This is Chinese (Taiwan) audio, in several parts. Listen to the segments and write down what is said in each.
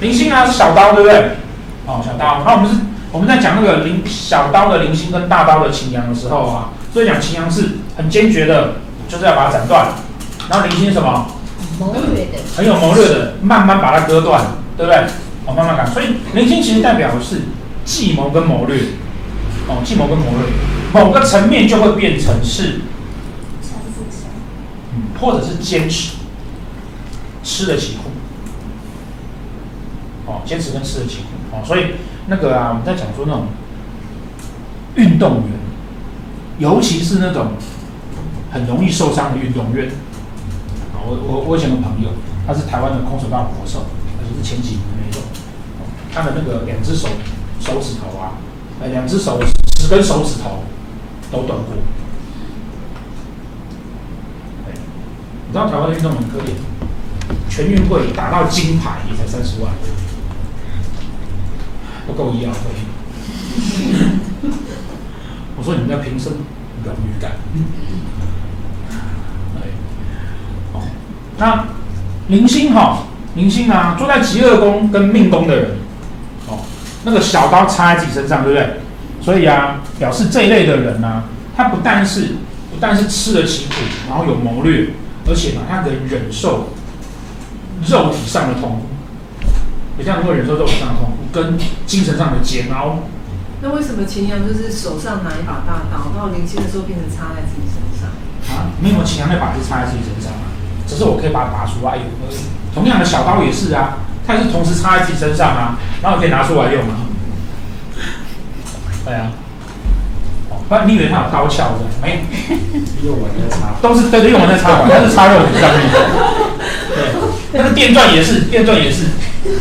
鈴星啊，是小刀對不對？哦，小刀。那、啊、我們是我們在講那個零小刀的鈴星跟大刀的擎羊的時候啊，所以講擎羊是很堅決的，就是要把它斬斷。然後鈴星是什麼？謀略的，很有謀略的，慢慢把它割斷，對不對？哦，慢慢割。所以鈴星其實代表的是計謀跟謀略，哦，計謀跟謀略，某個層面就會變成是，嗯、或者是堅持，吃得起苦。堅持跟事情哦，所以那個啊，我們在講說那種運動員，尤其是那種很容易受傷的運動員，我我我以前的朋友，他是台灣的空手道國手，也、就是前幾名的那種。他的那個兩只手手指頭啊，兩只手十根手指頭都斷過。你知道台灣的運動員很可憐，全運會打到金牌也才三十萬。不夠一樣我說你們的平生榮譽感。那鈴、嗯哦啊、星哈，鈴星呢、啊，坐在疾厄宮跟命宮的人，哦，那個小刀插在自己身上，對不對？所以啊，表示這一類的人呢、啊，他不但是不但是吃得起苦，然後有謀略，而且呢，他可以忍受肉體上的痛。有這樣能夠忍受肉體上的痛，跟精神上的煎熬。那為什麼擎羊就是手上拿一把大刀，到年輕的時候變成插在自己身上？啊，你有沒有擎羊那把是插在自己身上啊，只是我可以把它拔出來用，哎。同樣的小刀也是啊，它也是同時插在自己身上啊，然後可以拿出來用啊。對啊，不然你以為它有刀鞘的？沒用完再插，又又都是用對對完再插，它 是插在我上面的。 對，那個電鑽也是，電鑽也是，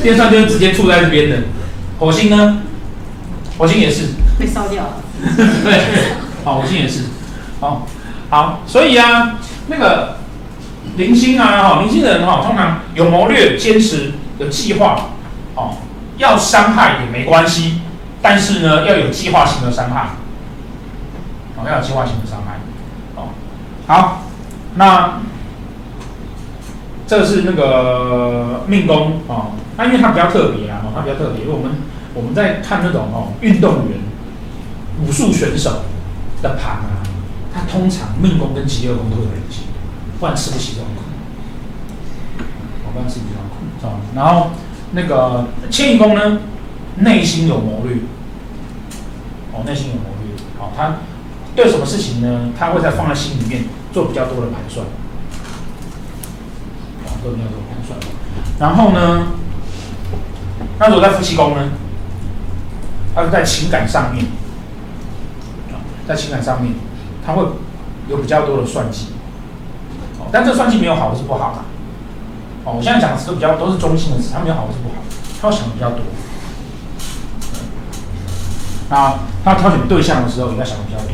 電鑽就是直接杵在這邊的。火星呢？火星也是被燒掉了。 對， 火星也是， 好，所以啊，那個鈴星啊，哈、哦，鈴星人哈、哦，通常有謀略、堅持、有計劃，哦，要傷害也沒關係，但是呢，要有計劃性的傷害、哦，要有計劃性的傷害，哦，好，那。這是那個命宮、哦、啊，那因為它比較特別啊，它、哦、比較特別。如果我們我們在看這種哦運動員、武術選手的盤啊，它通常命宮跟疾厄宮都有聯繫，不然吃不起這種苦。不然吃不起這種苦，知道嗎？然後那個遷移宮呢，內心有謀慮，哦，內心有謀慮。好、哦，他對什麼事情呢？他會在放在心裡面做比較多的盤算。都沒有什麼盤算。然後呢，那如果在夫妻宮呢，他是在情感上面，在情感上面，他會有比較多的算計、哦。但這算計沒有好或是不好嘛、啊？哦，我現在講的詞比較都是中性的詞，他沒有好或是不好，他想的比較多。那、啊、他挑選對象的時候，也在想的比較多、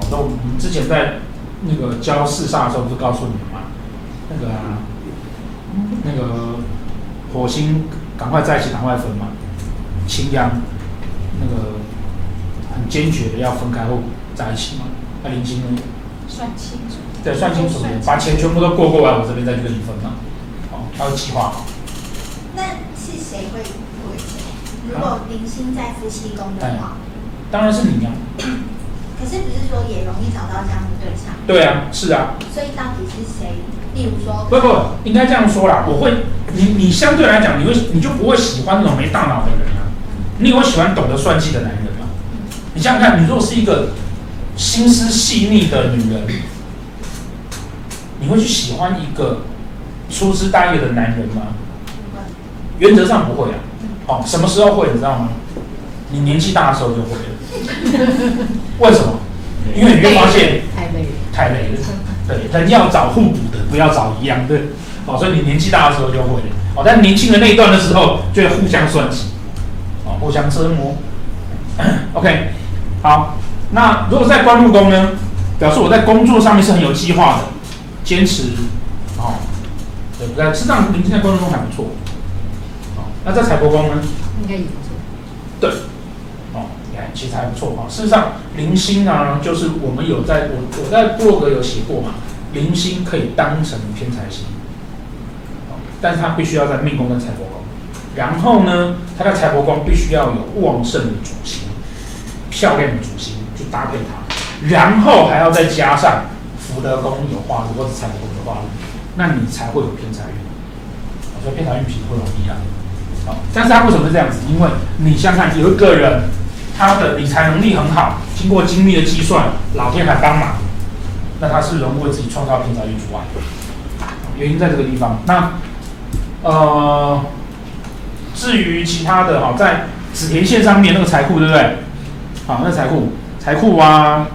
哦。那我們之前在那個教四煞的時候，不是告訴你了嗎？那個、啊，那個，火星趕快在一起趕快分嘛，擎羊，那個很堅決的要分開後在一起嘛。那鈴星算清楚，對，算清楚清把錢全部都過過完，我這邊再去跟你分嘛。哦，還有計劃。那是誰會誰？如果鈴星在夫妻宮的話，當然是你娘、啊。 你是不是說也容易找到這樣的對象？對啊，是啊。所以到底是誰？例如說，不不，不應該這樣說啦。我會，你你相對來講，你會你就不會喜歡那種沒大腦的人啊？你也會喜歡懂得算計的男人啊。你想想看，你如果是一個心思細膩的女人，你會去喜歡一個粗枝大葉的男人嗎？原則上不會啊。哦，什麼時候會？你知道嗎？你年紀大的時候就會了。 為什麼？因為你會發現太累了，太累了。對，人要找互補的，不要找一樣的。對哦，所以你年紀大的時候就會哦。但年輕的那一段的時候，就會互相算計，哦，互相折磨、嗯。OK，好。那如果在官祿宮呢，表示我在工作上面是很有計劃的，堅持哦。對不對？是這樣。您現在官祿宮還不錯、哦，那在財帛宮呢？應該也不錯。對。其實還不錯啊。事實上，鈴星啊，就是我們有在我，我在部落格有寫過嘛，鈴星可以當成偏財星，但是它必須要在命宮跟財帛宮，然後呢，它的財帛宮必須要有旺盛的主星，漂亮的主星去搭配它，然後還要再加上福德宮有化祿，或是財帛宮有化祿，那你才會有偏財運。所以偏財運其實不容易啊。好，但是它為什麼會這樣子？因為你想想有一個人。他的理財能力很好，經過精密的計算，老天還幫忙，那他是人為自己創造貧財富啊，原因在這個地方。那，呃，至於其他的哈，在子田線上面那個財庫，對不對？好，啊，那個財庫，財庫啊，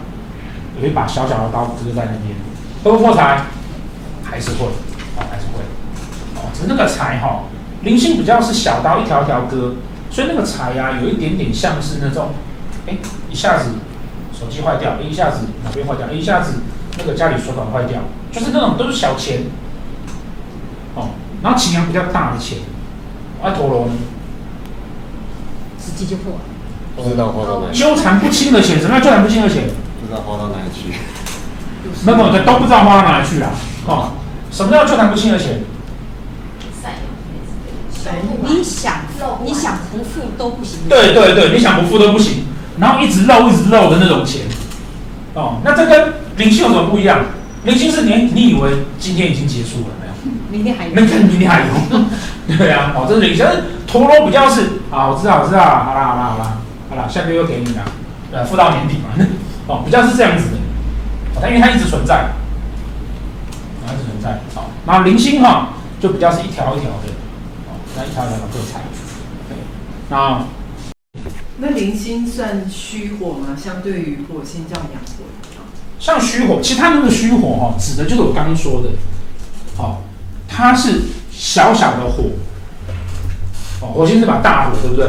有一把小小的刀，割在那邊，不會破財，還是會，啊，還是會，啊，只是那個財哈，鈴星比較是小刀一條條割。所以那個財呀、啊，有一點點像是那種，哎、欸，一下子手機壞掉、欸，一下子哪邊壞掉、欸，一下子那個家裡水管壞掉，就是那種都是小錢，哦，然後其中比較大的錢，阿、啊、陀羅。呢？是就付不知道花到哪裡？糾纏不清的錢，什麼叫糾纏不清的錢？不，的錢不知道花到哪裡去？那麼 的都不知道花到哪裡去啊？哦，什麼叫糾纏不清的錢？你想、哦？嗯你想不付都不行，對對對，你想不付都不行，然後一直漏一直漏的那種錢，哦，那這跟鈴星有什麼不一樣？鈴星是你你以為今天已經結束了沒有？明天還有，那跟明天還有， 對啊，哦，這零是鈴星，陀羅比較是啊，我知道，我知道，好啦好啦好啦，好啦，下個月又給你了，呃，付到年底嘛、嗯，哦，比較是這樣子的，哦、但因為它一直存在，哦、一直存在，哦，那鈴星哈、哦、就比較是一條一條的，哦，那一條一條做拆。啊，那鈴星算虛火嗎？相對於火星叫陽火，像虛火，其他的那個虛火哈、哦，指的就是我剛說的，哦，它是小小的火、哦，火星是把大火，對不對？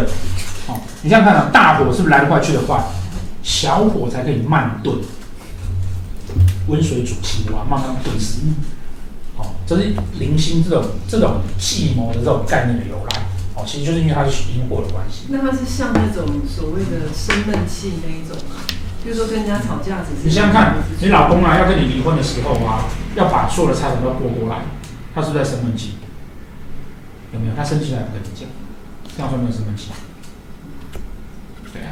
哦，你這樣看啊，大火是不是來得快去得快，小火才可以慢燉，溫水煮青蛙，慢慢燉死。物、哦，這是鈴星這種這種計謀的這種概念的由來。其實就是因為他是陰火的關係。那他是像那種所謂的生悶氣那一種，就是說跟人家吵架。你想想看，你老公啊要跟你離婚的時候啊，要把所有的財產都要過過來，他是不是在生悶氣？有沒有？他生氣了還不跟你講，這樣說沒有生悶氣？對啊。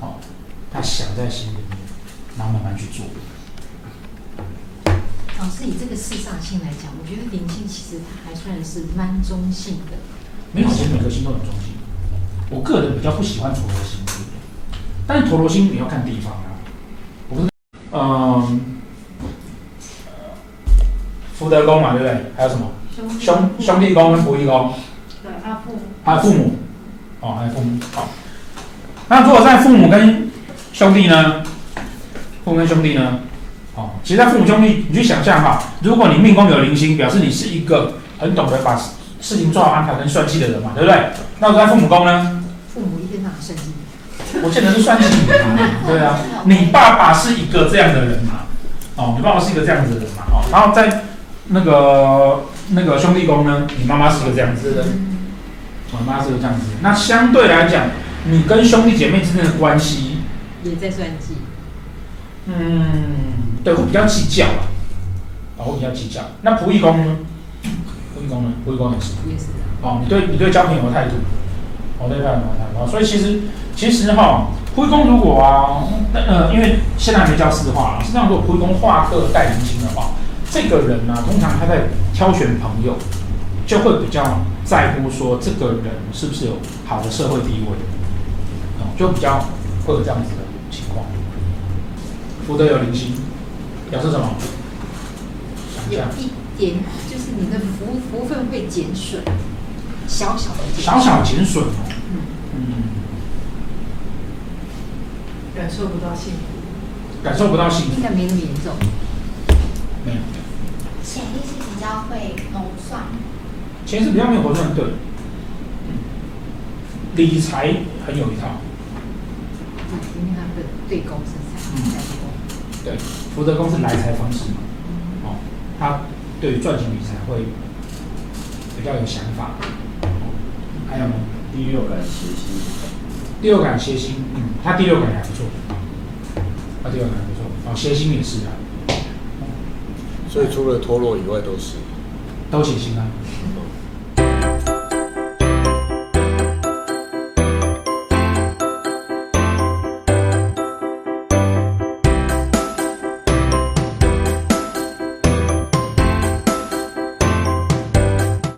好，他想在心裡面，然後慢慢去做。老師，以這個四煞星來講，我覺得鈴星其實它還算是蠻中性的。沒有、哦，我其實每個星都很中性。我個人比較不喜歡陀羅星，但是陀羅星你要看地方啊。我不是，嗯，福德宮嘛，對不對？還有什麼？兄兄弟宮兄、僕役宮。對，阿父。阿父母。哦，阿父母。好。那如果在父母跟兄弟呢？父母跟兄弟呢？哦、其實在父母兄弟，你去想象哈，如果你命宮有鈴星，表示你是一個很懂得把事情做好安排跟算計的人嘛，對不對？那在父母宮呢？父母一天打生意，我現在是算計型，對啊。你爸爸是一個這樣的人嘛？哦，你爸爸是一個這樣子的人嘛？哦，然後在那個那個兄弟宮呢，你媽媽是個這樣子的人，嗯、我媽媽是個這樣子。那相對來講，你跟兄弟姐妹之間的關係也在算計，嗯。對，我比較計較，啊、哦，我比較計較。那僕役宮呢？僕役宮呢？僕役宮也是。Yes. 哦，你對你對交朋友的態度，我、哦、對朋友的態度。所以其實其實哈，僕、哦、役宮如果啊，那、嗯、呃，因為現在還沒教四化啦，是這樣，如果僕役宮化個帶鈴星的話，這個人呢、啊，通常他在挑選朋友，就會比較在乎說這個人是不是有好的社會地位，哦、就比較會有這樣子的情況。福德有鈴星。表示什麼？一有一點，就是你的福福分會減損，小小的減損。小小減損嗯。嗯。感受不到幸福。感受不到幸福。應該沒那麼嚴重。潛意識比較會核算。潛意識比較沒有活動，對。嗯。理財很有一套。嗯。對，福德宮是來財方式嘛？哦，他對於賺錢理財會比較有想法。還有呢，第六感邪心。第六感邪心，嗯，他第六感還不錯，他、啊、第六感還不錯，哦，邪心也是啊。哦、所以除了陀羅以外，都是都邪心啊。